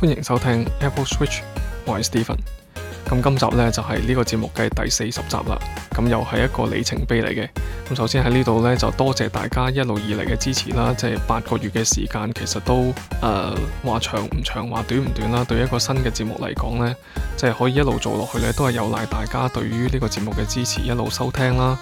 歡迎收聽 Apple Switch，我係 Steven。咁今集呢就係、是、呢個節目嘅第四十集啦。咁又係一個里程碑嚟嘅。咁首先喺呢度呢，就多謝大家一路以嚟嘅支持啦。即係八個月嘅時間，其實都誒話、呃、長唔長，話短唔短啦。對一個新嘅節目嚟講呢，即、就、係、是、可以一路做落去呢，都係有賴大家對於呢個節目嘅支持一路收聽啦。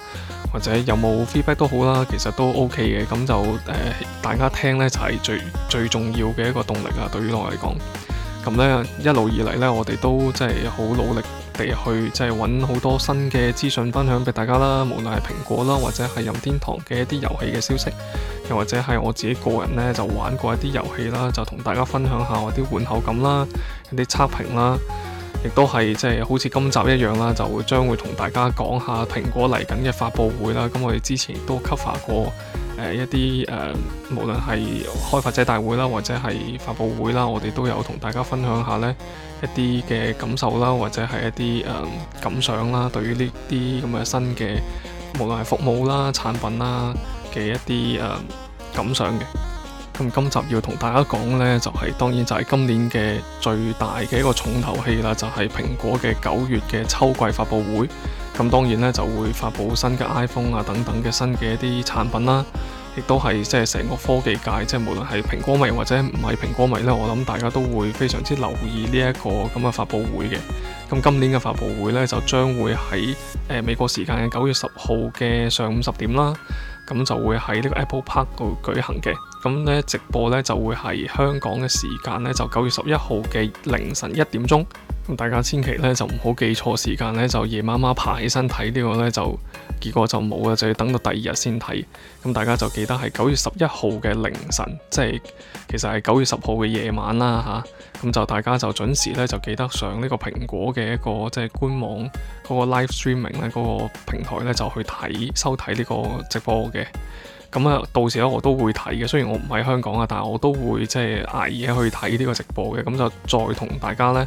或者有冇 feedback 都好啦，其實都 OK 嘅。咁就誒、呃、大家聽呢，就係、是、最最重要嘅一個動力啊。對於我嚟講。咁咧一路以嚟咧，我哋都即係好努力地去即係揾好多新嘅資訊分享俾大家啦，無論係蘋果啦，或者係任天堂嘅一啲遊戲嘅消息，又或者係我自己個人咧就玩過一啲遊戲啦，就同大家分享下我啲玩口感啦、一啲測評啦，亦都係即係好似今集一樣啦，就會將會同大家講下蘋果嚟緊嘅發布會啦。咁、嗯、我哋之前都 cover 過。誒、呃、一啲誒、呃，無論係開發者大會啦，或者係發布會啦，我哋都有同大家分享下呢一啲嘅感受啦，或者係一啲誒、呃、感想啦，對於呢啲咁嘅新嘅，無論係服務啦、產品啦嘅一啲誒、呃、感想嘅。咁今集要同大家講呢，就係、是、當然就係今年嘅最大嘅一個重頭戲啦，就係、是、蘋果嘅九月嘅秋季發布會。咁當然咧就會發佈新嘅 iPhone 啊等等嘅新嘅一啲產品啦，亦都係即係成個科技界，即係無論係蘋果迷或者唔係蘋果迷咧，我諗大家都會非常之留意呢一個咁嘅發佈會嘅。咁今年嘅發佈會咧就將會喺誒、呃、美國時間嘅九月十號嘅上午十點啦，咁就會喺呢個 Apple Park 度舉行嘅。咁咧直播咧就會係香港嘅時間咧就九月十一號嘅凌晨一點鐘。咁大家千祈咧就唔好記錯時間咧，就夜媽媽爬起身睇呢個咧，就結果就冇嘅啦，就要等到第二日先睇。咁大家就記得係九月十一號嘅凌晨，即係其實係九月十號嘅夜晚啦嚇。咁、啊、就大家就準時咧，就記得上呢個蘋果嘅一個即係、就是、官網嗰個 live streaming 咧嗰個平台咧，就去睇收睇呢個直播嘅。咁啊，到時咧我都會睇嘅，雖然我唔喺香港啊，但係我都會即係捱夜去睇呢個直播嘅。咁就再同大家咧。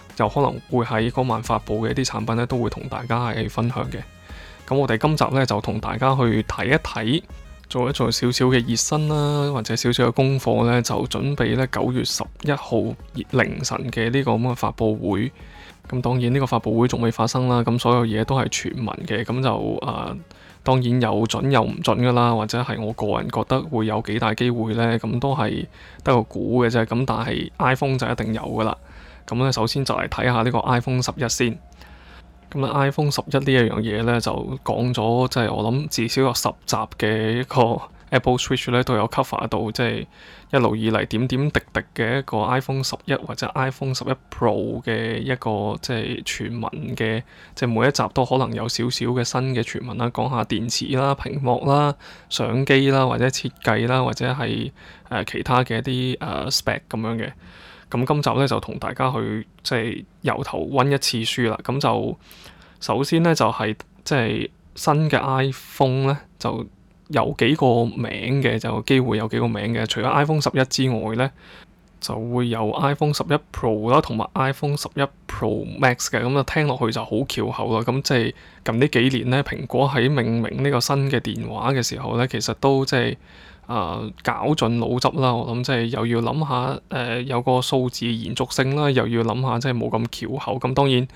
就可能會喺嗰晚發佈嘅一啲產品呢，都會同大家係分享嘅。咁我哋今集呢，就同大家去睇一睇，做一做少少嘅熱身啦，或者少少嘅功課呢，就準備呢九月十一號凌晨嘅呢個咁嘅發佈會。咁當然呢個發佈會仲未發生啦，咁所有嘢都係傳聞嘅。咁就啊、呃，當然有準有唔準㗎喇，或者係我個人覺得會有幾大機會呢。咁都係得個估嘅啫。咁但係 iPhone 就一定有㗎喇。咁咧，首先就嚟睇下呢個 iPhone 十一先。咁咧，iPhone 十一呢一樣嘢咧，就講咗即係我諗至少有十集嘅一個 Apple Switch 咧都有 cover 到，即係一路以嚟點點滴滴嘅一個 iPhone 十一或者 iPhone 十一 Pro 嘅一個即係傳聞嘅，即係每一集都可能有少少嘅新嘅傳聞啦，講下電池啦、屏幕啦、相機啦，或者設計啦，或者係誒其他嘅一啲誒 Spec 咁樣嘅。咁今集咧就同大家去即係由頭溫一次書啦。咁就首先呢，就係、是、即係新嘅 iPhone 呢，就有幾個名嘅，就機會有幾個名嘅。除咗 iPhone 十一之外呢，就會有 iPhone 十一 Pro 啦，同埋 iPhone 十一 Pro Max 嘅。咁就聽落去就好翹口啦。咁即係近呢幾年呢，蘋果喺命名呢個新嘅電話嘅時候呢，其實都即係。啊，搞盡腦汁啦！我諗即係又要諗下，誒、呃、有個數字延續性啦，又要諗下即係冇咁翹口。咁當然，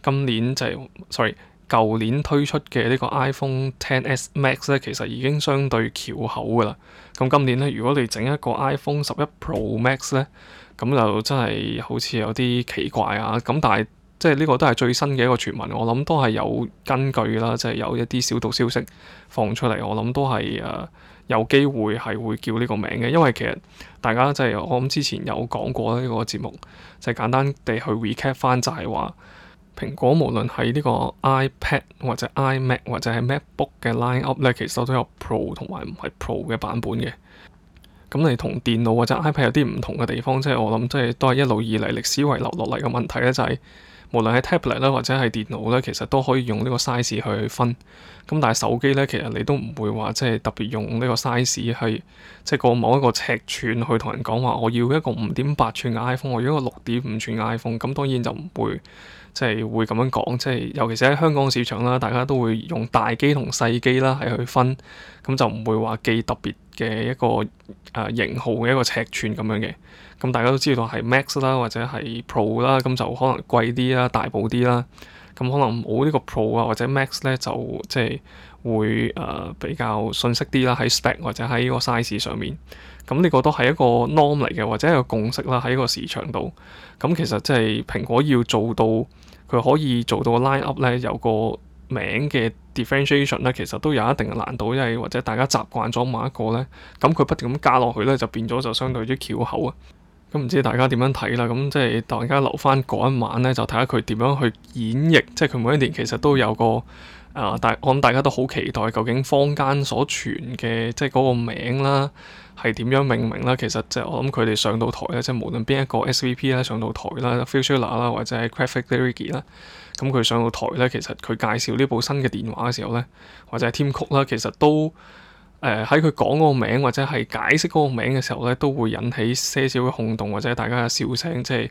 今年就係、是、sorry，舊年推出嘅呢個 iPhone XS Max 咧，其實已經相對翹口㗎喇。咁今年呢，如果你整一個 iPhone 11 Pro Max 呢，咁就真係好似有啲奇怪啊！咁但係即係呢個都係最新嘅一個傳聞，我諗都係有根據啦，即、就、係、是、有一啲小道消息放出嚟，我諗都係誒。呃有機會係會叫呢個名嘅，因為其實大家即係我諗之前有講過呢個節目，就係簡單地去 recap 翻，就係話蘋果無論喺呢個 iPad 或者 iMac 或者係 MacBook 嘅 line up 咧，其實都有 Pro 同埋唔係 Pro 嘅版本嘅。咁你同電腦或者 iPad 有啲唔同嘅地方，即係我諗即係都係一路以嚟歷史遺留落嚟嘅問題咧，就係。無論係 tablet 咧或者係電腦咧，其實都可以用呢個 size 去分。咁但係手機咧，其實你都唔會話即係特別用呢個 size 去即係個某一個尺寸去同人講話，我要一個五點八寸嘅 iPhone，我要一個六點五寸嘅 iPhone。咁當然就唔會即係會咁樣講，即係尤其是喺香港市場啦，大家都會用大機同細機啦，係去分。咁就唔會話記特別嘅一個誒、呃、型號嘅一個尺寸咁樣嘅，咁、嗯、大家都知道係 Max 啦，或者係 Pro 啦，咁、嗯、就可能貴啲啦，大部啲啦，咁可能冇呢個 Pro 啊或者 Max 咧，就即係會誒、呃、比較遜色啲啦，喺 Spec 或者喺個 size 上面，咁、嗯、你、這個都係一個 norm 嚟嘅，或者一個共識啦，喺個市場度，咁、嗯、其實即係蘋果要做到佢可以做到 line up 咧，有個名嘅 differentiation 咧，其實都有一定嘅難度，因為或者大家習慣咗某一個咧，咁佢不斷咁加落去咧，就變咗就相對於翹口啊。咁唔知大家點樣睇啦？咁即係大家留翻嗰一晚咧，就睇下佢點樣去演繹，即係佢每一年其實都有個啊，但、呃、我諗大家都好期待，究竟坊間所傳嘅即係嗰個名啦，係點樣命名啦？其實即係我諗佢哋上到台咧，即係無論邊一個 SVP 啦、上到台啦、Phil Schiller 啦或者係 Craig Federighi 啦。咁佢上到台呢，其實佢介紹呢部新嘅電話嘅時候呢，或者係 Tim Cook 啦，其實都誒喺佢講嗰個名或者係解釋嗰個名嘅時候呢，都會引起些少嘅轟動或者大家嘅笑聲，即係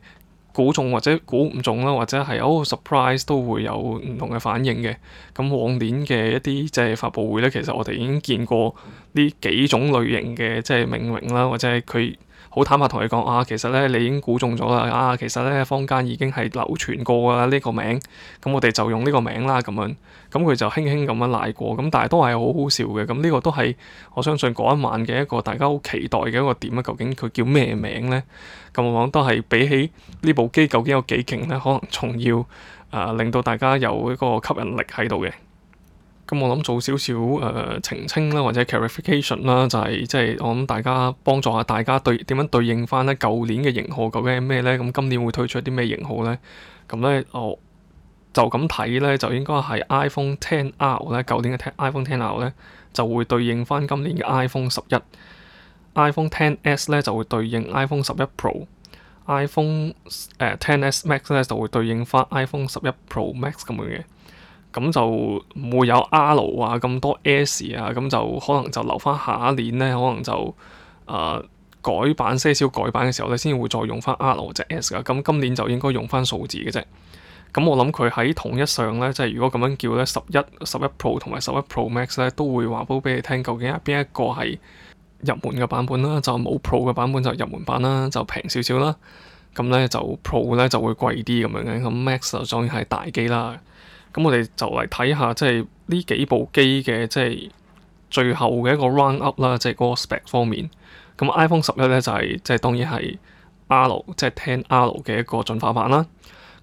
估中或者估唔中啦，或者係 oh surprise 都會有唔同嘅反應嘅。咁往年嘅一啲即係發佈會呢，其實我哋已經見過呢幾種類型嘅即係命名啦，或者係佢。好坦白同你講啊，其實呢，你已經估中咗啦啊，其實呢，坊間已經係流傳過啦呢、這個名，咁、嗯、我哋就用呢個名啦咁樣，咁佢就輕輕咁樣賴過，咁但係都係好好笑嘅，咁呢、這個都係我相信嗰一晚嘅一個大家好期待嘅一個點啊，究竟佢叫咩名呢？咁往往都係比起呢部機究竟有幾勁呢？可能仲要啊、呃、令到大家有一個吸引力喺度嘅。咁、嗯、我諗做少少誒、呃、澄清啦，或者 clarification 啦，就係、是、即係我諗大家幫助下大家對點樣對應翻咧，舊年嘅型號究竟係咩呢？咁今年會推出啲咩型號呢？咁咧我就咁睇咧，就應該係 iPhone 10R 咧，舊年嘅 iPhone 10R 咧就會對應翻今年嘅 iPhone 十一。iPhone 10S 咧就會對應11 Pro, iPhone 十一 Pro。iPhone 誒 10S Max 咧就會對應翻 iPhone 十一 Pro Max 咁樣嘅。咁就唔會有 R 啊咁多 S 啊，咁就可能就留翻下一年咧，可能就啊、呃、改版些少改版嘅時候咧，先會再用翻 R 或者 S 噶、啊。咁今年就應該用翻數字嘅啫。咁我諗佢喺統一上咧，即係如果咁樣叫咧，十一、十一 Pro 同埋十一 Pro Max 咧，都會話俾俾你聽，究竟係邊一個係入門嘅版本啦？就冇 Pro 嘅版本就入門版啦，就平少少啦。咁咧就 Pro 咧就會貴啲咁樣嘅。咁 Max 就當然係大機啦。咁我哋就嚟睇下，即係呢幾部機嘅即係最後嘅一個 round up 啦，即係嗰個 spec 方面。咁 iPhone 十一咧就係即係當然係 R 即係 Ten R 嘅一個進化版啦。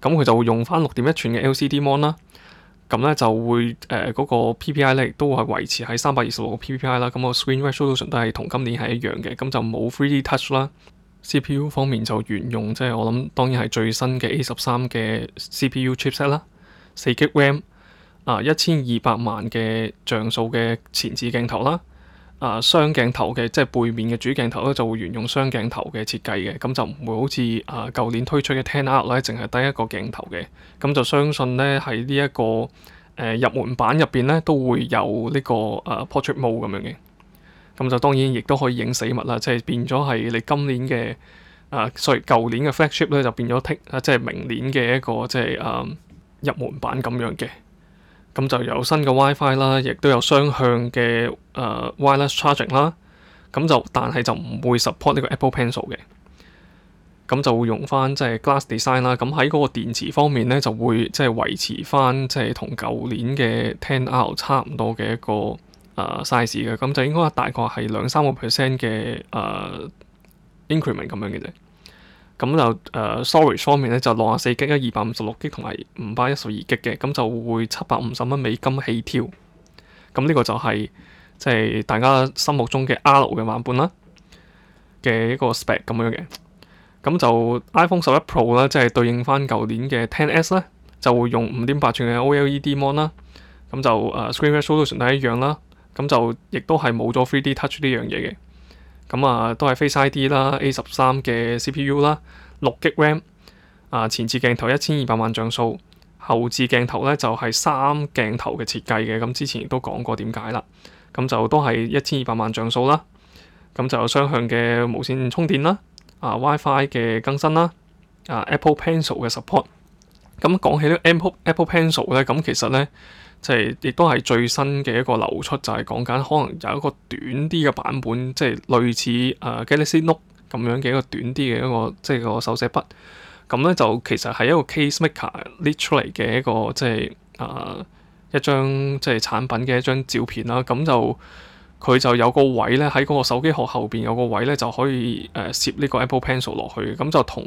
咁佢就會用翻六點一寸嘅 LCD mon 啦。咁咧就會誒嗰、呃嗰個 PPI 咧，亦都係維持喺三百二十六個 PPI 啦。咁、個 Screen Resolution 都係同今年係一樣嘅。咁就冇 three D Touch 啦。CPU 方面就沿用即係、就是、我諗當然係最新嘅 A 十三嘅 CPU chipset 啦。四 G RAM 啊，一千二百萬嘅像素嘅前置鏡頭啦，啊、uh, 雙鏡頭嘅即係背面嘅主鏡頭咧，就會沿用雙鏡頭嘅設計嘅，咁就唔會好似啊舊年推出嘅 XR 咧，淨係得一個鏡頭嘅。咁就相信呢喺呢一個誒、呃、入門版入邊呢，都會有呢、這個誒、uh, Portrait Mode 咁樣嘅。咁就當然亦都可以影死物啦，即、就、係、是、變咗係你今年嘅啊，所以舊年嘅 Flagship 咧就變咗剔啊，即係明年嘅一個即係啊。Um, 入門版咁樣嘅，咁就有新嘅 WiFi 啦，亦都有雙向嘅誒、呃、Wireless Charging 啦，咁就但係就唔會 support 呢個 Apple Pencil 嘅，咁就會用翻即係 Glass Design 啦。咁喺嗰個電池方面咧，就會即係維持翻即係同舊年嘅 Ten R 差唔多嘅一個誒、呃、size 嘅，咁就應該大概係兩三個 percent 嘅誒、呃、increment 咁樣嘅啫。咁就誒、呃、storage 方面咧，就六十四 G、一二百五十六 G 同埋五百一十二 G 嘅，咁就會七百五十蚊美金起跳。咁呢個就係即係大家心目中嘅 R l 嘅版本啦嘅一個 spec 咁樣嘅。咁就 iPhone 十一 Pro 啦，即係對應翻舊年嘅 Ten S 咧，就會用五點八吋嘅 OLED mon 啦。咁就誒、呃、screen resolution 都係一樣啦。咁就亦都係冇咗 3D Touch 呢樣嘢嘅。咁啊，都係 Face ID 啦，A 十三嘅 CPU 啦，六 GB RAM，啊前置鏡頭一千二百萬像素，後置鏡頭咧就係三鏡頭嘅設計嘅，咁之前都講過點解啦，咁就都係一千二百萬像素啦，咁就有雙向嘅無線充電啦，啊 WiFi 嘅更新啦，啊 Apple Pencil 嘅 support，咁講起呢個 Apple Apple Pencil 咧，咁其實咧。即係亦都係最新嘅一個流出，就係講緊可能有一個短啲嘅版本，即係類似誒、啊、Galaxy Note 咁樣嘅一個短啲嘅一個即係、這個手寫筆。咁咧就其實係一個 CaseMaker leak 出嚟嘅一個即係誒、啊、一張即係產品嘅一張照片啦。咁就。佢就有個位咧，喺嗰個手機殼後邊有個位咧，就可以誒攝呢個 Apple Pencil 落去嘅。咁就同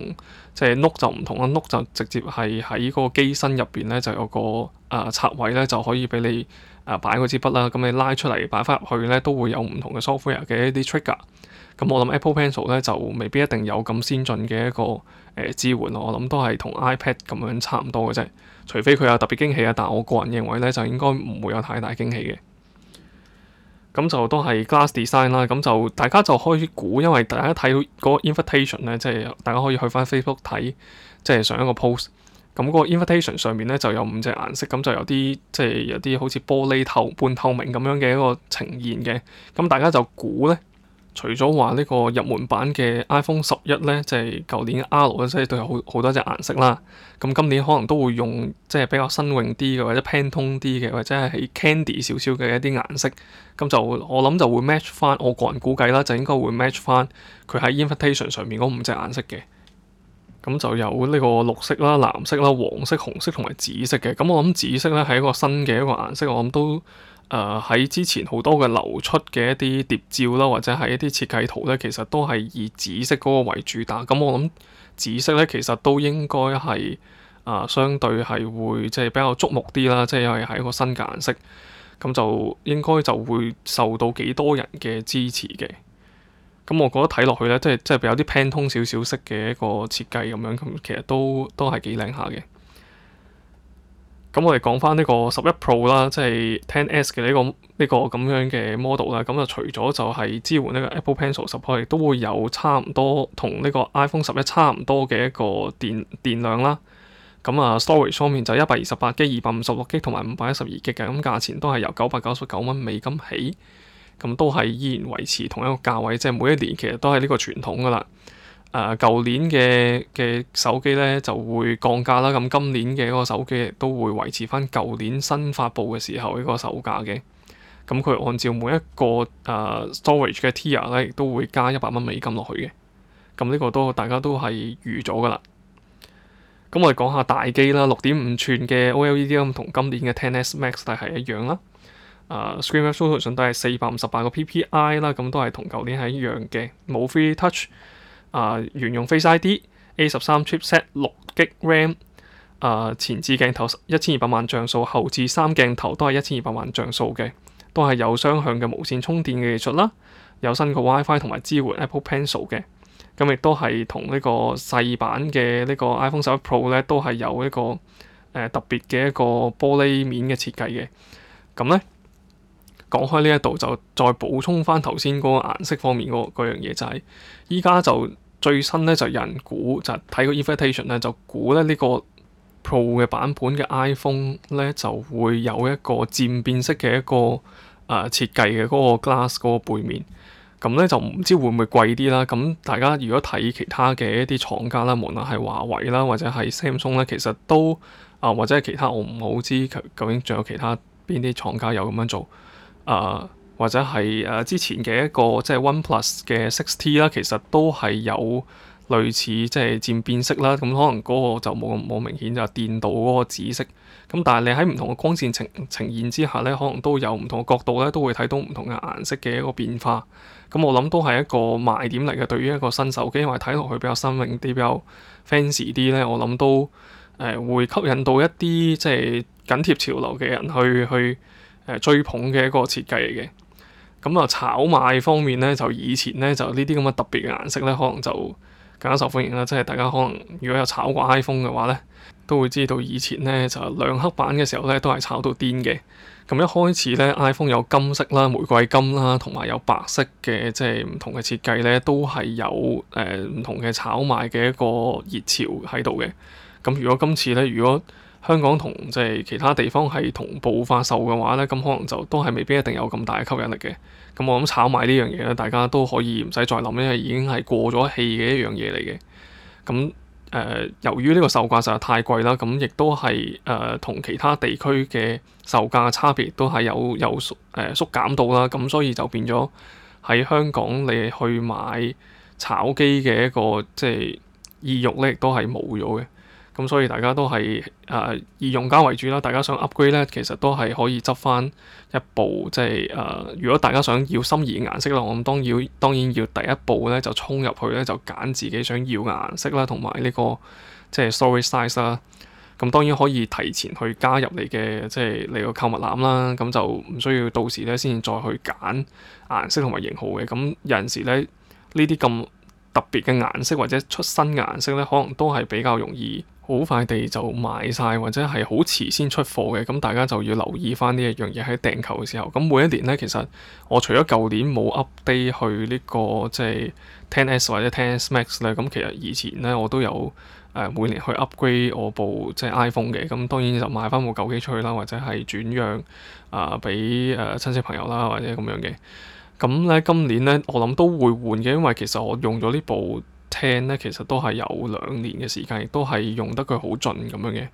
即係 Note 就唔同啦，Note 就直接係喺嗰個機身入邊咧，就有個啊插、呃、位咧，就可以俾你啊、呃、擺嗰支筆啦。咁你拉出嚟擺翻入去咧，都會有唔同嘅 software 嘅一啲 trigger。咁我諗 Apple Pencil 咧就未必一定有咁先進嘅一個誒、呃、支援咯。我諗都係同 iPad 咁樣差唔多嘅啫。除非佢有特別驚喜啊，但我個人認為咧，就應該唔會有太大驚喜嘅。咁就都係 glass design 啦，咁就大家就開始估，因為大家睇到嗰個 invitation 咧，即係大家可以去返 Facebook 睇，即係上一個 post。咁嗰個 invitation 上面咧就有五隻顏色，咁就有啲即係有啲好似玻璃透、半透明咁樣嘅一個呈現嘅，咁大家就估咧。除咗話呢個入門版嘅 iPhone 十一呢就係舊年 R 咧，即係都有好好多隻顏色啦。咁今年可能都會用即係比較新穎啲嘅，或者 Pantone 啲嘅，或者係 Candy 少少嘅一啲顏色。咁就我諗就會 match 翻，我個人估計啦，就應該會 match 翻佢喺 Invitation 上面嗰五隻顏色嘅。咁就有呢個綠色啦、藍色啦、黃色、黃色、紅色同埋紫色嘅。咁我諗紫色呢係一個新嘅一個顏色，我諗都。誒喺、uh, 之前好多嘅流出嘅一啲諜照啦，或者係一啲設計圖咧，其實都係以紫色嗰個為主打。咁我諗紫色咧，其實都應該係啊，相對係會即係、就是、比較矚目啲啦，即係因為係一個新嘅顏色，咁就應該就會受到幾多人嘅支持嘅。咁我覺得睇落去咧，即係即係有啲潘通少少式嘅一個設計，咁樣咁其實都都係幾靚下嘅。咁我哋講翻呢個十一 Pro 啦，即係 Ten S 嘅呢個呢個咁樣嘅 model 啦。咁啊，除咗就係支援呢個 Apple Pencil 十 Pro，都會有差唔多同呢個 iPhone 十一差唔多嘅一個電電量啦。咁啊，storage 方面就一百二十八 G、二百五十六 G 同埋五百一十二 G 嘅。咁價錢都係由九百九十九蚊美金起，咁都係依然維持同一個價位，即係每一年其實都係呢個傳統噶啦。誒舊、uh, 年嘅嘅手機咧就會降價啦。咁今年嘅嗰個手機都會維持翻舊年新發布嘅時候嗰個售價嘅。咁佢按照每一個誒、uh, storage 嘅 tier 咧，都會加一百蚊美金落去嘅。咁呢個都大家都係預咗㗎啦。咁我哋講下大機啦，六點五寸嘅 OLED 咁同今年嘅 Ten S Max 但係一樣啦。啊、screen resolution 都係四百五十八個 PPI 啦，咁都係同舊年係一樣嘅，冇 Free Touch。啊，原用 Face ID，A 十三 Chipset 六 G RAM，啊前置鏡頭一千二百萬像素，後置三鏡頭都係一千二百萬像素嘅，都係有雙向嘅無線充電嘅技術啦，有新嘅 WiFi 同埋支援 Apple Pencil 嘅，咁亦都係同呢個細版嘅呢個 iPhone 十一 Pro 咧，都係有一個誒、呃、特別嘅一個玻璃面嘅設計嘅，咁咧講開呢一度就再補充翻頭先嗰個顏色方面嗰樣嘢、就係，就係依家就。最新咧就有人估就睇、是、個 invitation 咧就估咧呢個 Pro 嘅版本嘅 iPhone 咧就會有一個漸變色嘅一個啊、呃、設計嘅嗰個 glass 嗰個背面，咁咧就唔知會唔會貴啲啦。咁大家如果睇其他嘅一啲廠家啦，無論係華為啦或者係 Samsung 咧，其實都啊、呃、或者係其他我唔好知究竟仲有其他邊啲廠家有咁樣做啊。呃或者係誒、啊、之前嘅一個即係 One Plus 嘅 Six T 啦，其實都係有類似即係漸變色啦，咁可能嗰個就冇咁冇明顯就電鍍嗰個紫色。咁但係你喺唔同嘅光線呈呈現之下咧，可能都有唔同嘅角度咧，都會睇到唔同嘅顏色嘅一個變化。咁我諗都係一個賣點嚟嘅，對於一個新手機，因為睇落去比較新穎啲、比較 fancy 啲咧，我諗都誒、呃、會吸引到一啲即係緊貼潮流嘅人去去誒、呃、追捧嘅一個設計嚟嘅。咁啊，炒賣方面呢，就以前呢，就呢啲咁嘅特別嘅顏色呢，可能就更加受歡迎啦。即係大家可能如果有炒過 iPhone 嘅話呢，都會知道以前呢，就兩黑版嘅時候呢，都係炒到癲嘅。咁一開始呢，iPhone 有金色啦、玫瑰金啦，同埋有白色嘅，即係唔同嘅設計呢，都係有誒唔同嘅炒賣嘅一個熱潮喺度嘅。咁如果今次呢，如果香港同即係其他地方係同步發售嘅話呢，咁可能就都係未必一定有咁大嘅吸引力嘅。咁我諗炒賣呢樣嘢咧，大家都可以唔使再諗，因為已經係過咗氣嘅一樣嘢嚟嘅。咁誒、呃，由於呢個售價實在太貴啦，咁亦都係誒同其他地區嘅售價差別都係有有誒、呃、縮減到啦，咁所以就變咗喺香港你去買炒機嘅一個即係、就是、意欲咧，亦都係冇咗嘅。咁所以大家都係誒、呃、以用家為主啦。大家想 upgrade 咧，其實都係可以執翻一部，即係誒。如果大家想要心儀嘅顏色咧，我諗當要當然要第一步咧就衝入去咧，就揀自己想要嘅顏色啦，同埋呢個即係 storage size 啦。咁當然可以提前去加入你嘅即係你個購物籃啦。咁就唔需要到時咧先再去揀顏色同埋型號嘅。咁有陣時咧呢啲咁特別嘅顏色或者出新嘅顏色咧，可能都係比較容易。好快地就賣晒，或者係好遲先出貨嘅，咁大家就要留意翻呢一樣嘢喺訂購嘅時候。咁每一年呢，其實我除咗舊年冇 update 去呢、這個即係 Ten S 或者 Ten S Max 咧，咁其實以前呢，我都有誒、呃、每年去 upgrade 我部即係 iPhone 嘅。咁當然就買翻部舊機出去啦，或者係轉讓啊俾誒親戚朋友啦，或者咁樣嘅。咁咧今年呢，我諗都會換嘅，因為其實我用咗呢部。聽咧，其實都係有兩年嘅時間，亦都係用得佢好盡咁樣嘅，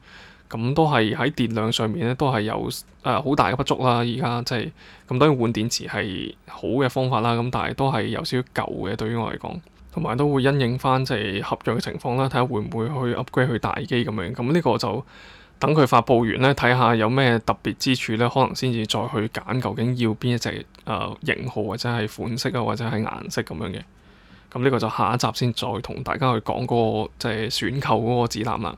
咁都係喺電量上面咧都係有誒好、呃、大嘅不足啦。依家即係咁，當然換電池係好嘅方法啦，咁但係都係有少少舊嘅對於我嚟講，同埋都會因應翻即係合約嘅情況啦。睇下會唔會去 upgrade 去大機咁樣，咁呢個就等佢發布完咧，睇下有咩特別之處咧，可能先至再去揀究竟要邊一隻誒型號或者係款式啊或者係顏色咁樣嘅。咁呢個就下一集先再同大家去講嗰個即係選購嗰個指南啦。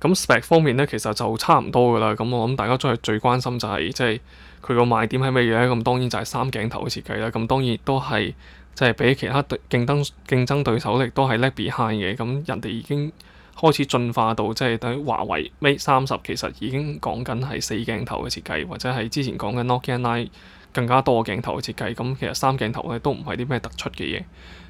咁 Spec 方面呢，其實就差唔多噶啦。咁我諗大家都係最關心就係即係佢個賣點係咩嘢？咁當然就係三鏡頭嘅設計啦。咁當然都係即係比其他對競爭競爭對手亦都係 left behind 嘅。咁人哋已經開始進化到即係等於華為 Mate 三十其實已經講緊係四鏡頭嘅設計，或者係之前講嘅 Nokia 9。更加多個鏡頭嘅設計，咁其實三鏡頭咧都唔係啲咩突出嘅嘢，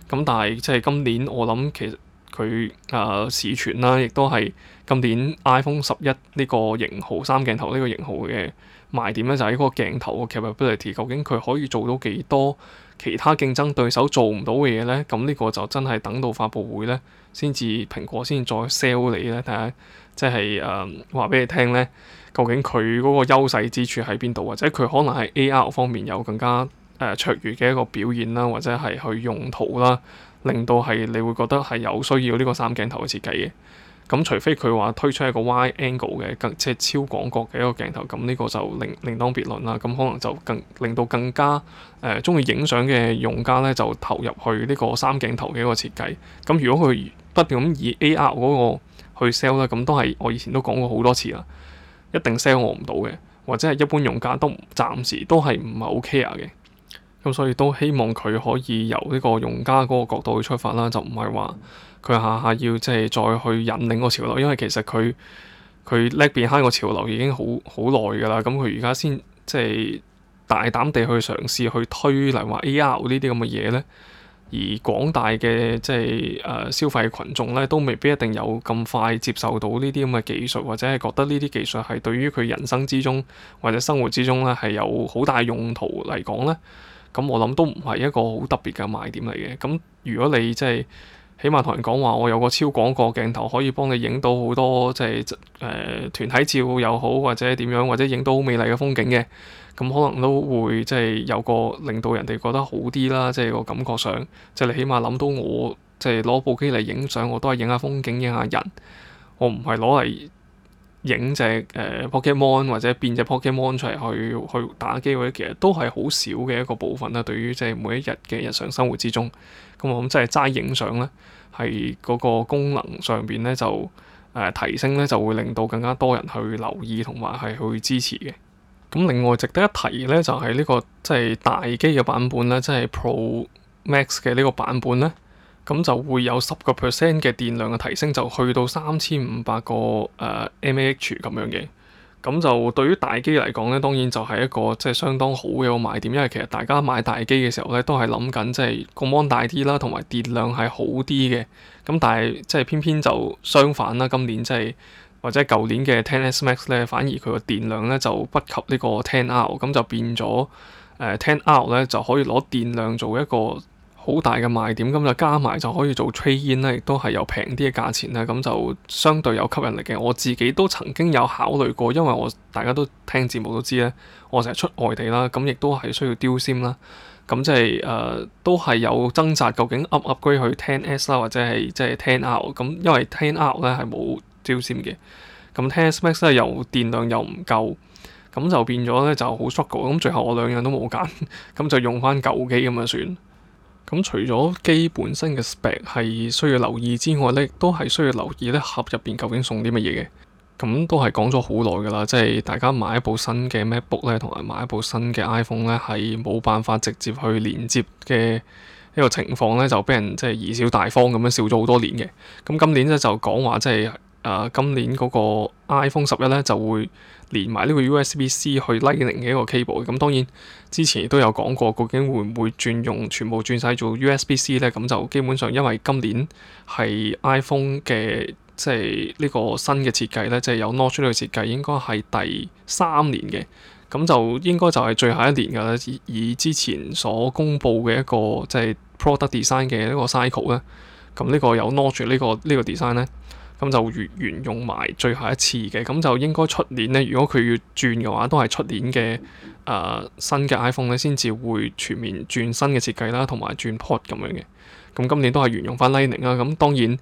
咁但係即係今年我諗其實佢誒市傳啦，亦都係今年 iPhone 十一呢個型號三鏡頭呢個型號嘅賣點咧就係嗰個鏡頭嘅 capability，究竟佢可以做到幾多其他競爭對手做唔到嘅嘢呢？咁呢個就真係等到發布會呢，先至蘋果先再 sell 你呢。睇下即係誒話俾你聽呢，究竟佢嗰個優勢之處喺邊度，或者佢可能係 AR 方面有更加誒、呃、卓越嘅一個表現啦，或者係去用途啦，令到係你會覺得係有需要呢個三鏡頭嘅設計嘅。咁除非佢話推出一個 Wide Angle 嘅，即係超廣角嘅一個鏡頭，咁呢個就另另當別論啦。咁可能就更令到更加誒中意影相嘅用家咧，就投入去呢個三鏡頭嘅一個設計。咁如果佢不斷咁以 AR 嗰個去 sell 咧，咁都係我以前都講過好多次啦，一定 sell 我唔到嘅，或者係一般用家都暫時都係唔係 OK 啊嘅。咁所以都希望佢可以由呢個用家嗰個角度去出發啦，就唔係話。佢下下要即係再去引領個潮流，因為其實佢佢叻變坑個潮流已經好好耐㗎啦。咁佢而家先即係大膽地去嘗試去推，例如話 AR 呢啲咁嘅嘢呢。而廣大嘅即係誒消費群眾呢，都未必一定有咁快接受到呢啲咁嘅技術，或者係覺得呢啲技術係對於佢人生之中或者生活之中呢，係有好大用途嚟講呢。咁我諗都唔係一個好特別嘅賣點嚟嘅。咁如果你即係，起碼同人講話，我有個超廣角鏡頭，可以幫你影到好多，即係誒團體照又好，或者點樣，或者影到好美麗嘅風景嘅，咁、嗯、可能都會即係、就是、有個令到人哋覺得好啲啦，即、就、係、是、個感覺上，即係你起碼諗到我，即係攞部機嚟影相，我都係影下風景，影下人，我唔係攞嚟影隻 Pokemon 或者變隻 Pokemon 出嚟去去打機，或者其實都係好少嘅一個部分啦。對於即係每一日嘅日常生活之中。咁我諗即係齋影相咧，係嗰個功能上邊咧就誒、呃、提升咧，就會令到更加多人去留意同埋係去支持嘅。咁另外值得一提咧，就係、是、呢、這個即係、就是、大機嘅版本咧，即係 Pro Max 嘅呢個版本咧，咁就會有十個 percent 嘅電量嘅提升，就去到三千五百個誒、呃、mAh 咁樣嘅。咁就對於大機嚟講呢，當然就係一個即係相當好嘅一個賣點，因為其實大家買大機嘅時候呢，都係諗緊即係個 mon 大啲啦，同埋電量係好啲嘅。咁但係即係偏偏就相反啦，今年即係或者舊年嘅 Ten S Max 呢，反而佢個電量呢就不及呢個 Ten R，咁就變咗誒 Ten R 呢就可以攞電量做一個。好大嘅賣點，咁就加埋就可以做 trade in 咧，亦都係有平啲嘅價錢咧，咁就相對有吸引力嘅。我自己都曾經有考慮過，因為我大家都聽節目都知咧，我成日出外地啦，咁亦都係需要 dual SIM 啦，咁即係誒都係有掙扎，究竟 up upgrade 去 XS 啦，或者係即係 XR。咁、就是，因為 XR 咧係冇 dual SIM 嘅，咁 XS Max 咧又電量又唔夠，咁就變咗咧就好 struggle 咁最後我兩樣都冇揀，咁就用翻舊機咁啊算。咁除咗機本身嘅 spec 係需要留意之外呢，都係需要留意呢盒入邊究竟送啲乜嘢嘅。咁都係講咗好耐噶啦，即係大家買一部新嘅 MacBook 咧，同埋買一部新嘅 iPhone 呢係冇辦法直接去連接嘅，呢個情況呢就俾人即係貽笑大方咁樣笑咗好多年嘅。咁今年呢，就講話即係。誒、啊、今年嗰個 iPhone 十一咧就會連埋呢個 USB C 去 Lightning 嘅一個 cable。咁當然之前亦都有講過，究竟會唔會轉用全部轉晒做 USB C 咧？咁就基本上因為今年係 iPhone 嘅即係、就、呢、是、個新嘅設計咧，即、就、係、是、有 Notch 呢個設計，應該係第三年嘅。咁就應該就係最後一年㗎啦。以之前所公佈嘅一個即係、就是、Product Design 嘅一個 cycle 咧，咁呢個有 Notch、這個這個、呢個呢個 design 咧。咁就越沿用埋最後一次嘅，咁就應該出年呢。如果佢要轉嘅話，都係出年嘅誒、呃、新嘅 iPhone 呢，先至會全面轉新嘅設計啦，同埋轉 port 咁樣嘅。咁今年都係沿用翻 Lightning 啦。咁當然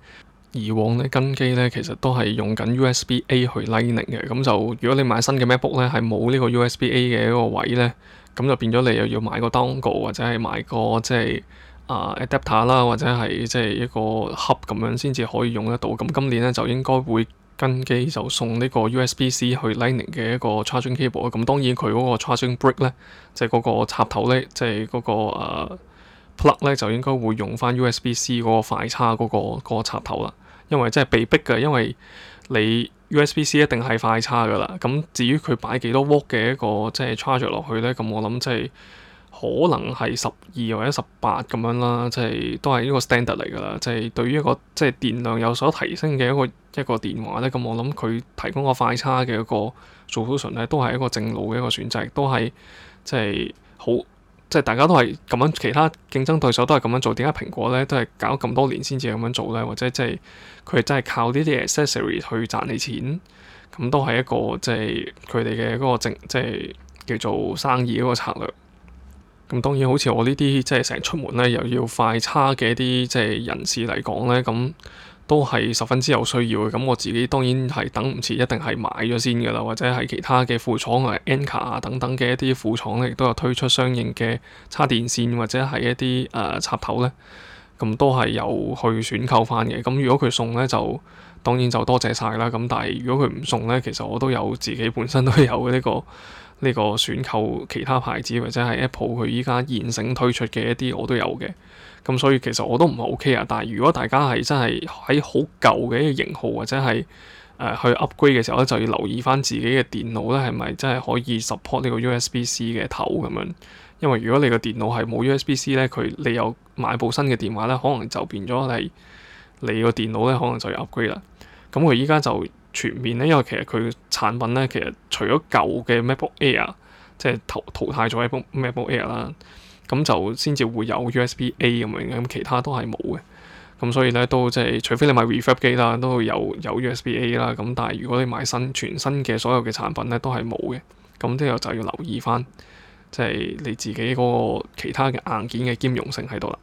以往呢跟機呢，其實都係用緊 USB-A 去 Lightning 嘅。咁就如果你買新嘅 MacBook 呢，係冇呢個 USB-A 嘅一個位呢，咁就變咗你又要買個 Dongle 或者係買個即係。啊、uh，adapter 啦，或者係即係一個盒咁樣先至可以用得到。咁今年咧就應該會跟機就送呢個 USB C 去 Lightning 嘅一個 charging cable。咁當然佢嗰個 charging brick 咧，即係嗰個插頭咧，即係嗰個、uh, plug 咧，就應該會用翻 USB C 嗰個快叉嗰、嗰個嗰個插頭啦。因為即係被逼嘅，因為你 USB C 一定係快叉噶啦。咁至於佢擺幾多 volt 嘅一個即係 charger 落去咧，咁我諗即係。可能係十二或者十八咁樣啦，即係都係呢個 standard 嚟㗎啦。即係對於一個即係電量有所提升嘅一個一個電話呢，咁我諗佢提供個快叉嘅一個 solution 呢，都係一個正路嘅一個選擇，都係即係好即係大家都係咁樣，其他競爭對手都係咁樣做，點解蘋果呢都係搞咁多年先至咁樣做呢？或者即係佢真係靠呢啲 accessory 去賺你錢，咁都係一個即係佢哋嘅嗰個正即係叫做生意嗰個策略。咁當然好，好似我呢啲即係成日出門咧，又要快叉嘅一啲即係人士嚟講咧，咁都係十分之有需要嘅。咁我自己當然係等唔切，一定係買咗先噶啦。或者係其他嘅副廠啊、Anker 啊等等嘅一啲副廠咧，亦都有推出相應嘅叉電線或者係一啲誒、呃、插頭咧，咁都係有去選購翻嘅。咁如果佢送咧，就當然就多謝晒啦。咁但係如果佢唔送咧，其實我都有自己本身都有呢、呢個。呢個選購其他牌子或者係 Apple 佢依家現成推出嘅一啲我都有嘅，咁所以其實我都唔係 OK 啊。但係如果大家係真係喺好舊嘅一個型號或者係、呃、去 upgrade 嘅時候咧，就要留意返自己嘅電腦咧係咪真係可以 support 呢個 USB-C 嘅頭咁樣。因為如果你個電腦係冇 USB-C 咧，佢你有買部新嘅電話咧，可能就變咗係你個電腦咧可能就 upgrade 啦。咁佢依家就。全面咧，因為其實佢產品咧，其實除咗舊嘅 MacBook Air，即係淘淘汰咗 MacBook Air 啦，咁就先至會有 USB-A 咁樣嘅，咁其他都係冇嘅。咁所以咧，都即係除非你買 refurb 機啦，都會有有 USB-A 啦。咁但係如果你買新全新嘅所有嘅產品咧，都係冇嘅。咁之後就要留意翻，即係你自己嗰個其他嘅硬件嘅兼容性喺度啦。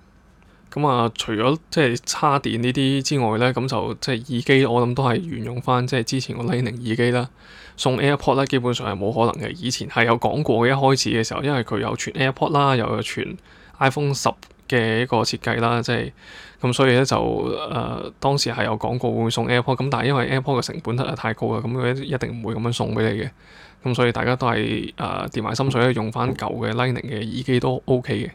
咁、嗯、啊，除咗即係叉電呢啲之外呢，咁就即係耳機我，我諗都係沿用翻即係之前個 Lightning 耳機啦。送 AirPod 咧，基本上係冇可能嘅。以前係有講過嘅，一開始嘅時候，因為佢有傳 AirPod 啦，又有傳 iPhone 十嘅一個設計啦，即係咁，所以呢，就、呃、誒當時係有講過會送 AirPod。咁但係因為 AirPod 嘅成本實在太高啦，咁佢一定唔會咁樣送俾你嘅。咁所以大家都係誒掂埋心水用翻舊嘅 Lightning 嘅耳機都 OK 嘅。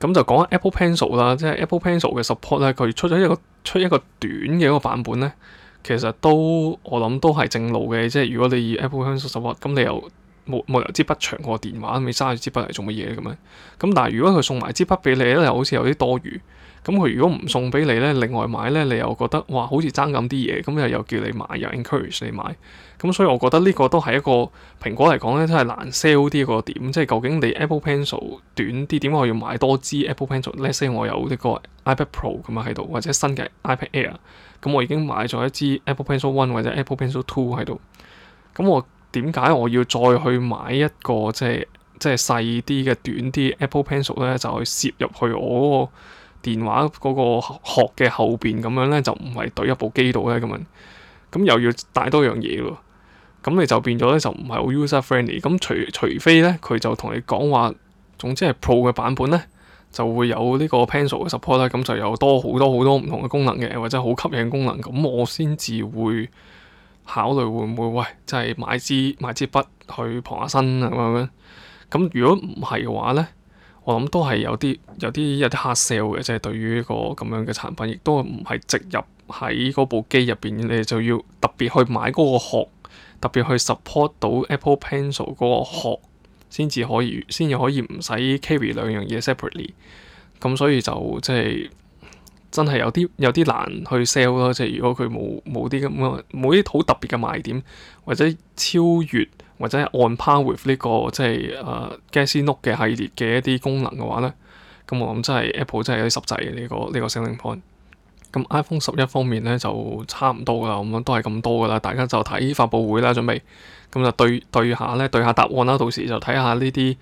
咁就講 Apple Pencil 啦，即係 Apple Pencil 嘅 support 咧，佢出咗一個出一個短嘅一個版本咧，其實都我諗都係正路嘅。即係如果你以 Apple Pencil support，咁你又冇冇由支筆長過電話，你揸住支筆嚟做乜嘢咁咧？咁但係如果佢送埋支筆俾你咧，又好似有啲多餘。咁佢如果唔送俾你呢，另外買呢，你又覺得哇，好似爭咁啲嘢，咁又又叫你買，又 encourage 你買，咁所以我覺得呢個都係一個蘋果嚟講呢，真係難 sell 啲個點。即係究竟你 Apple Pencil 短啲，點解我要買多支 Apple Pencil？呢先我有呢個 iPad Pro 咁啊喺度，或者新嘅 iPad Air，咁我已經買咗一支 Apple Pencil One 或者 Apple Pencil Two 喺度，咁我點解我要再去買一個即係即係細啲嘅短啲 Apple Pencil 呢？就去攝入去我嗰電話嗰個殼嘅後邊咁樣咧，就唔係懟一部機度咧，咁樣，咁又要帶多樣嘢咯，咁你就變咗咧，就唔係好 user friendly。咁除除非咧，佢就同你講話，總之係 pro 嘅版本咧，就會有呢個 pencil 嘅 support 啦，咁就有多好多好多唔同嘅功能嘅，或者好吸引功能，咁我先至會考慮會唔會，喂，即係買支買支筆去傍下身啊咁樣樣。咁如果唔係嘅話咧，我諗都係有啲有啲有啲 hard sell 嘅，即係對於一個咁樣嘅產品，亦都唔係直入喺嗰部機入邊，你就要特別去買嗰個殼，特別去 support 到 Apple Pencil 嗰個殼，先至可以先至可以唔使 carry 兩樣嘢 separately。咁所以就即係真係有啲有啲難去 sell 咯。即係如果佢冇冇啲咁樣，冇啲好特別嘅賣點，或者超越。或者 on par with 呢個即係誒 Galaxy Note 嘅系列嘅一啲功能嘅話呢，咁我諗真係 Apple 真係有啲實際呢個呢個 selling point。咁 iPhone 十一方面呢，就差唔多啦，咁樣都係咁多噶啦，大家就睇發佈會啦，準備咁就對對下咧，對下答案啦，到時就睇下呢啲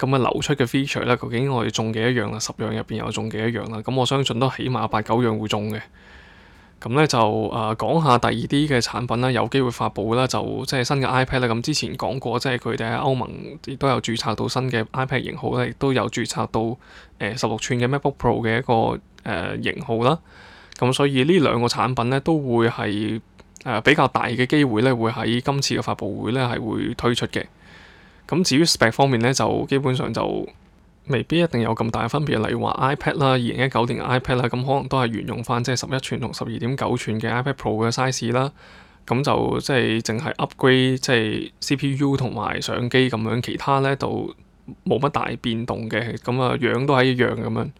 咁嘅流出嘅 feature 啦，究竟我哋中幾多樣啦，十樣入邊有中幾多樣啦，咁我相信都起碼八九樣會中嘅。咁咧就誒、呃、講下第二啲嘅產品啦，有機會發佈啦，就即係新嘅 iPad 啦。咁之前講過，即係佢哋喺歐盟亦都有註冊到新嘅 iPad 型號咧，亦都有註冊到誒十六吋嘅 MacBook Pro 嘅一個誒、呃、型號啦。咁所以呢兩個產品咧都會係誒、呃、比較大嘅機會咧，會喺今次嘅發佈會咧係會推出嘅。咁至於 spec 方面咧，就基本上就，未必一定有咁大分別，例如話 iPad 啦，二零一九年嘅 iPad 啦，咁可能都係沿用返即係十一吋同十二點九吋嘅 iPad Pro 嘅 size 啦，咁就即係淨係 upgrade 即係 CPU 同埋相機咁樣，其他咧就冇乜大變動嘅，咁啊樣都係一樣咁樣，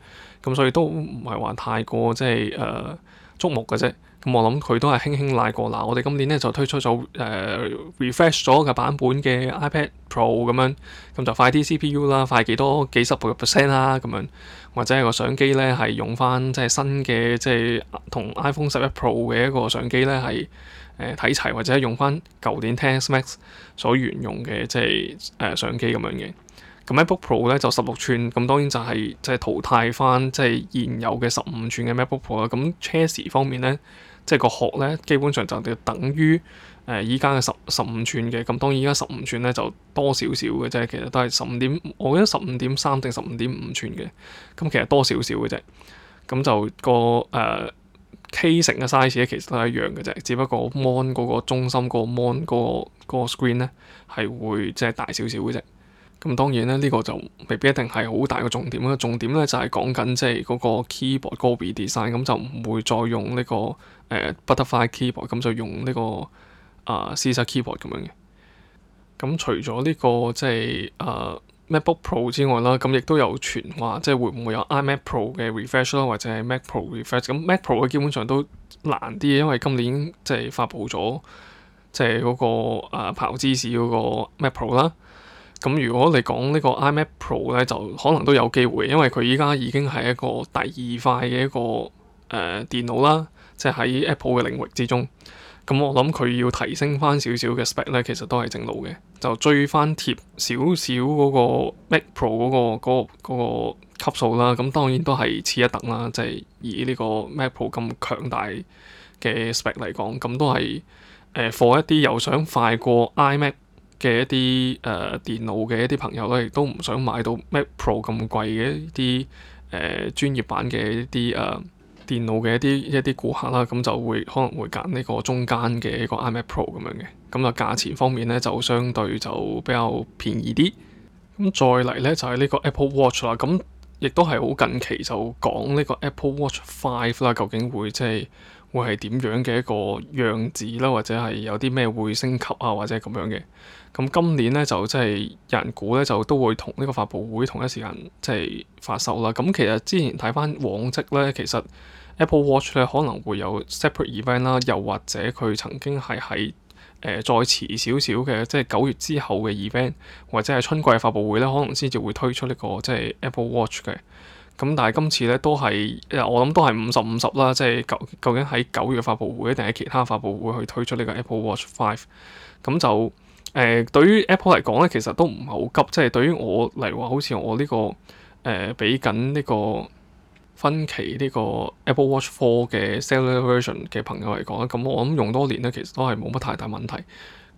咁所以都唔係話太過即係誒、uh，觸目嘅啫。咁、嗯、我諗佢都係輕輕賴過嗱，我哋今年咧就推出咗誒、呃、refresh 咗嘅版本嘅 iPad Pro 咁樣，咁就快啲 CPU 啦，快幾多幾十個 percent 啦咁樣，或者個相機咧係用翻即係新嘅即係同 iPhone 十一 Pro 嘅一個相機咧係誒睇齊，或者用翻舊年 Ten Max 所沿用嘅即係誒、呃、相機咁樣嘅。咁 MacBook Pro 咧就十六寸，咁當然就係、是、即係淘汰翻即係現有嘅十五寸嘅 MacBook Pro 啦、啊。咁 chassis 方面咧～即係個殼咧，基本上就等於誒依家嘅十十五寸嘅。咁當然依家十五寸咧，就多少少嘅啫。其實都係十五點，我覺得十五點三定十五點五寸嘅。咁其實多少少嘅啫。咁就個誒、呃、K 成嘅 size 咧，其實都係一樣嘅啫。只不過 mon 嗰個中心嗰個 mon 嗰、那個、那個 screen 咧，係會即係大少少嘅啫。咁當然咧，呢、這個就未必一定係好大嘅重點啦。重點咧就係、是、講緊即係嗰個 keyboard 嗰個 design，咁就唔會再用呢、這個。誒，Butterfly keyboard 咁就用呢、這個啊絲、呃、質 keyboard 咁樣嘅。咁除咗呢、這個即係啊 MacBook Pro 之外啦，咁亦都有傳話，即、就、係、是、會唔會有 iMac Pro 嘅 refresh 啦，或者係 Mac Pro refresh？咁 Mac Pro 佢基本上都難啲，因為今年即係、就是、發布咗即係嗰個、呃、跑芝士嗰個 Mac Pro 啦。咁如果你講個呢個 iMac Pro 咧，就可能都有機會，因為佢依家已經係一個第二塊嘅一個誒、呃、電腦啦。即係喺 Apple 嘅領域之中，咁我諗佢要提升翻少少嘅 Spec 咧，其實都係正路嘅，就追翻貼少少嗰個 Mac Pro 嗰、嗰個嗰、嗰個嗰個級數啦。咁當然都係次一等啦，即、就、係、係、以呢個 Mac Pro 咁強大嘅 Spec 嚟講，咁都係誒 for 一啲又想快過 iMac 嘅一啲誒、呃、電腦嘅一啲朋友咧，亦都唔想買到 Mac Pro 咁貴嘅一啲誒、呃、專業版嘅一啲誒。呃電腦嘅一啲一啲顧客啦，咁就會可能會揀呢個中間嘅一個 iMac Pro 咁樣嘅，咁啊價錢方面咧就相對就比較便宜啲。咁再嚟咧就係呢個 Apple Watch 啦，咁亦都係好近期就講呢個 Apple Watch Five 啦，究竟會即係會係點樣嘅一個樣子啦，或者係有啲咩會升級啊，或者係咁樣嘅。咁今年咧就即係人估咧就都會同呢個發布會同一時間即係發售啦。咁其實之前睇返往績咧，其實 Apple Watch 咧可能會有 separate event 啦，又或者佢曾經係喺誒再遲少少嘅，即係九月之後嘅 event，或者係春季發布會咧，可能先至會推出呢個即係 Apple Watch 嘅。咁但係今次咧都係，我諗都係五十五十啦。即係究究竟喺九月嘅發布會定係其他發布會去推出呢個 Apple Watch Five？咁就。誒、呃、對於 Apple 嚟講咧，其實都唔係好急。即係對於我嚟話，好似我呢、這個誒俾緊呢個分期呢、這個 Apple Watch Four 嘅 Cellular Version 嘅朋友嚟講咧，咁我諗用多年咧，其實都係冇乜太大問題。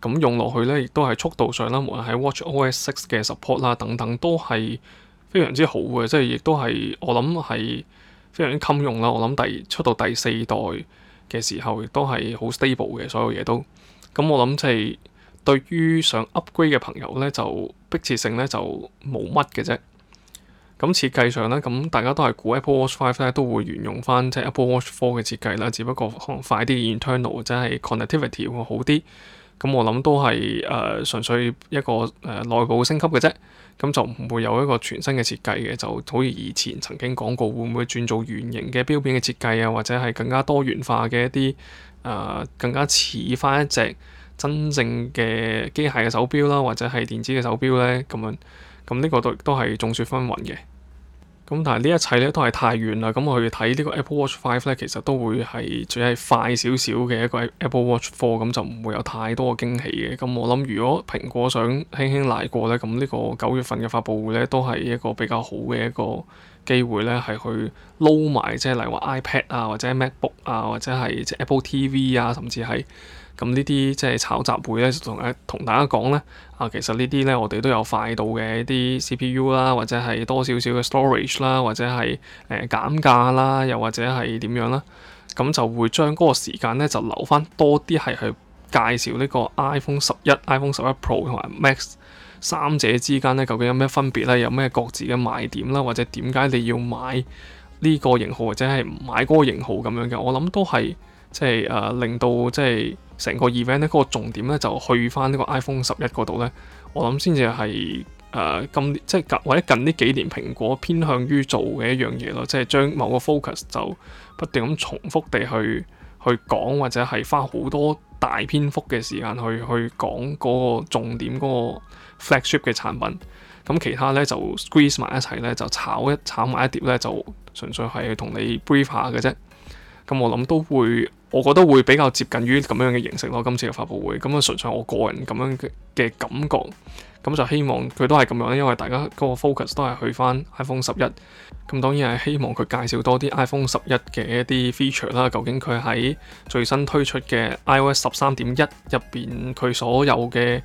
咁、嗯、用落去咧，亦都係速度上啦，無論喺 Watch OS Six 嘅 Support 啦等等，都係非常之好嘅。即係亦都係我諗係非常之襟用啦。我諗第出到第四代嘅時候，亦都係好 stable 嘅，所有嘢都。咁、嗯、我諗即係。對於想 upgrade 嘅朋友呢，就迫切性呢就冇乜嘅啫。咁設計上呢，咁大家都係估 Apple Watch 5呢都 Apple Watch Five 咧都會沿用翻即係 Apple Watch Four 嘅設計啦，只不過可能快啲 internal 即係 connectivity 會好啲。咁我諗都係誒、呃、純粹一個誒、呃、內部升級嘅啫。咁就唔會有一個全新嘅設計嘅，就好似以前曾經講過，會唔會轉做圓形嘅錶面嘅設計啊，或者係更加多元化嘅一啲誒、呃、更加似翻一隻。真正嘅機械嘅手錶啦，或者係電子嘅手錶呢，咁樣咁呢個都都係眾說紛紜嘅。咁但係呢一切呢，都係太遠啦。咁我去睇呢個 Apple Watch Five 呢，其實都會係仲係快少少嘅一個 Apple Watch Four，咁就唔會有太多嘅驚喜嘅。咁我諗如果蘋果想輕輕嚟過呢，咁呢個九月份嘅發佈會呢，都係一個比較好嘅一個機會呢，係去撈埋即係例如話 iPad 啊，或者 MacBook 啊，或者係即係 Apple TV 啊，甚至係。咁呢啲即係炒雜會咧，同誒同大家講咧，啊其實呢啲咧我哋都有快到嘅一啲 CPU 啦，或者係多少少嘅 storage 啦，或者係誒、呃、減價啦，又或者係點樣啦，咁就會將嗰個時間咧就留翻多啲係去介紹呢個 11, iPhone 十一、iPhone 十一 Pro 同埋 Max 三者之間咧究竟有咩分別咧，有咩各自嘅賣點啦，或者點解你要買呢個型號或者係唔買嗰個型號咁樣嘅，我諗都係即係誒、呃、令到即係。成個 event 咧，嗰個重點咧就去返呢個 iPhone 十一嗰度咧，我諗先至係誒今，即係近或者近呢幾年，蘋果偏向於做嘅一樣嘢咯，即係將某個 focus 就不斷咁重複地去去講，或者係花好多大篇幅嘅時間去去講嗰個重點、嗰個 flagship 嘅產品。咁其他咧就 squeeze 埋一齊咧，就炒一炒埋一碟咧，就純粹係同你 brief 下嘅啫。咁我諗都會。我覺得會比較接近於咁樣嘅形式咯，今次嘅發佈會。咁、嗯、啊，純粹我個人咁樣嘅感覺，咁、嗯、就希望佢都係咁樣，因為大家個 focus 都係去返 iPhone 十一、嗯。咁當然係希望佢介紹多啲 iPhone 十一嘅一啲 feature 啦。究竟佢喺最新推出嘅 iOS 十三點一入邊，佢所有嘅。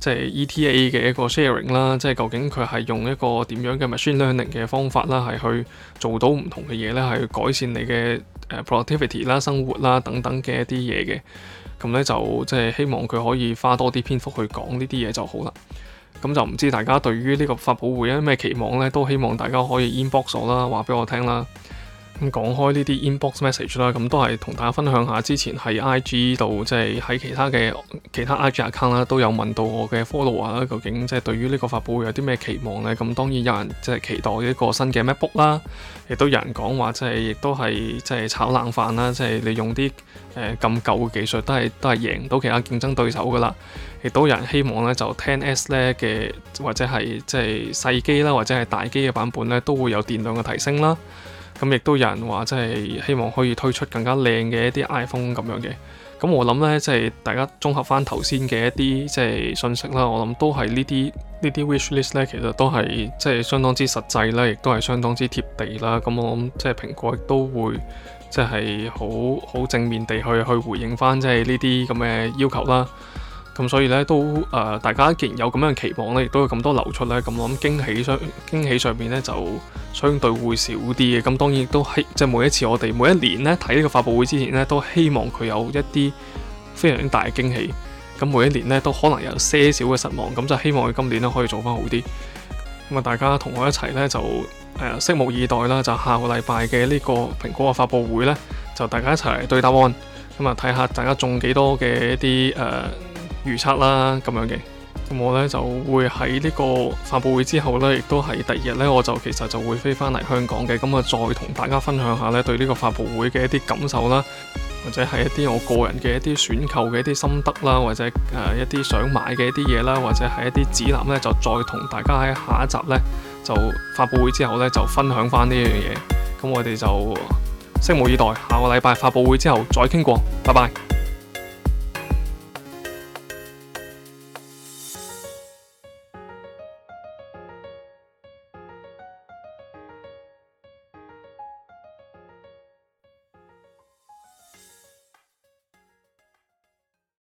即係 ETA 嘅一個 sharing 啦，即係究竟佢係用一個點樣嘅 machine learning 嘅方法啦，係去做到唔同嘅嘢咧，係去改善你嘅誒 productivity 啦、生活啦等等嘅一啲嘢嘅，咁咧就即係希望佢可以花多啲篇幅去講呢啲嘢就好啦。咁就唔知大家對於呢個發佈會有咩期望咧，都希望大家可以 inbox 咗啦，話俾我聽啦。咁講開呢啲 inbox message 啦，咁都係同大家分享下。之前喺 IG 度，即係喺其他嘅其他 IG account 啦，都有問到我嘅 follow 啊，究竟即係對於呢個發布會有啲咩期望呢？咁當然有人即係期待呢個新嘅 MacBook 啦，亦都有人講話即係亦都係即係炒冷飯啦，即係你用啲呃咁舊嘅技術都係都係贏到其他競爭對手噶啦。亦都有人希望呢，就 Ten S 呢嘅或者係即係細機啦，或者係大機嘅版本呢，都會有電量嘅提升啦。咁亦都有人話，即係希望可以推出更加靚嘅一啲 iPhone 咁樣嘅。咁我諗呢，即係大家綜合翻頭先嘅一啲即係信息啦，我諗都係呢啲呢啲 wish list 呢，其實都係即係相當之實際啦，亦都係相當之貼地啦。咁我諗即係蘋果都會即係好好正面地去去回應翻即係呢啲咁嘅要求啦。咁所以咧都誒，大家既然有咁樣嘅期望咧，亦都有咁多流出咧，咁我諗驚喜上驚喜上面咧就相對會少啲嘅。咁當然亦都希即係每一次我哋每一年咧睇呢個發佈會之前咧，都希望佢有一啲非常之大嘅驚喜。咁每一年咧都可能有些少嘅失望，咁就希望佢今年咧可以做翻好啲。咁啊，大家同我一齊咧就誒、呃、拭目以待啦。就下個禮拜嘅呢個蘋果嘅發佈會咧，就大家一齊嚟對答案。咁啊，睇下大家中幾多嘅一啲誒。呃預測啦，咁樣嘅，咁我呢，就會喺呢個發佈會之後呢，亦都係第二日呢，我就其實就會飛翻嚟香港嘅，咁啊再同大家分享下呢對呢個發佈會嘅一啲感受啦，或者係一啲我個人嘅一啲選購嘅一啲心得啦，或者誒、呃、一啲想買嘅一啲嘢啦，或者係一啲指南呢，就再同大家喺下一集呢，就發佈會之後呢，就分享翻呢樣嘢。咁我哋就拭目以待，下個禮拜發佈會之後再傾過，拜拜。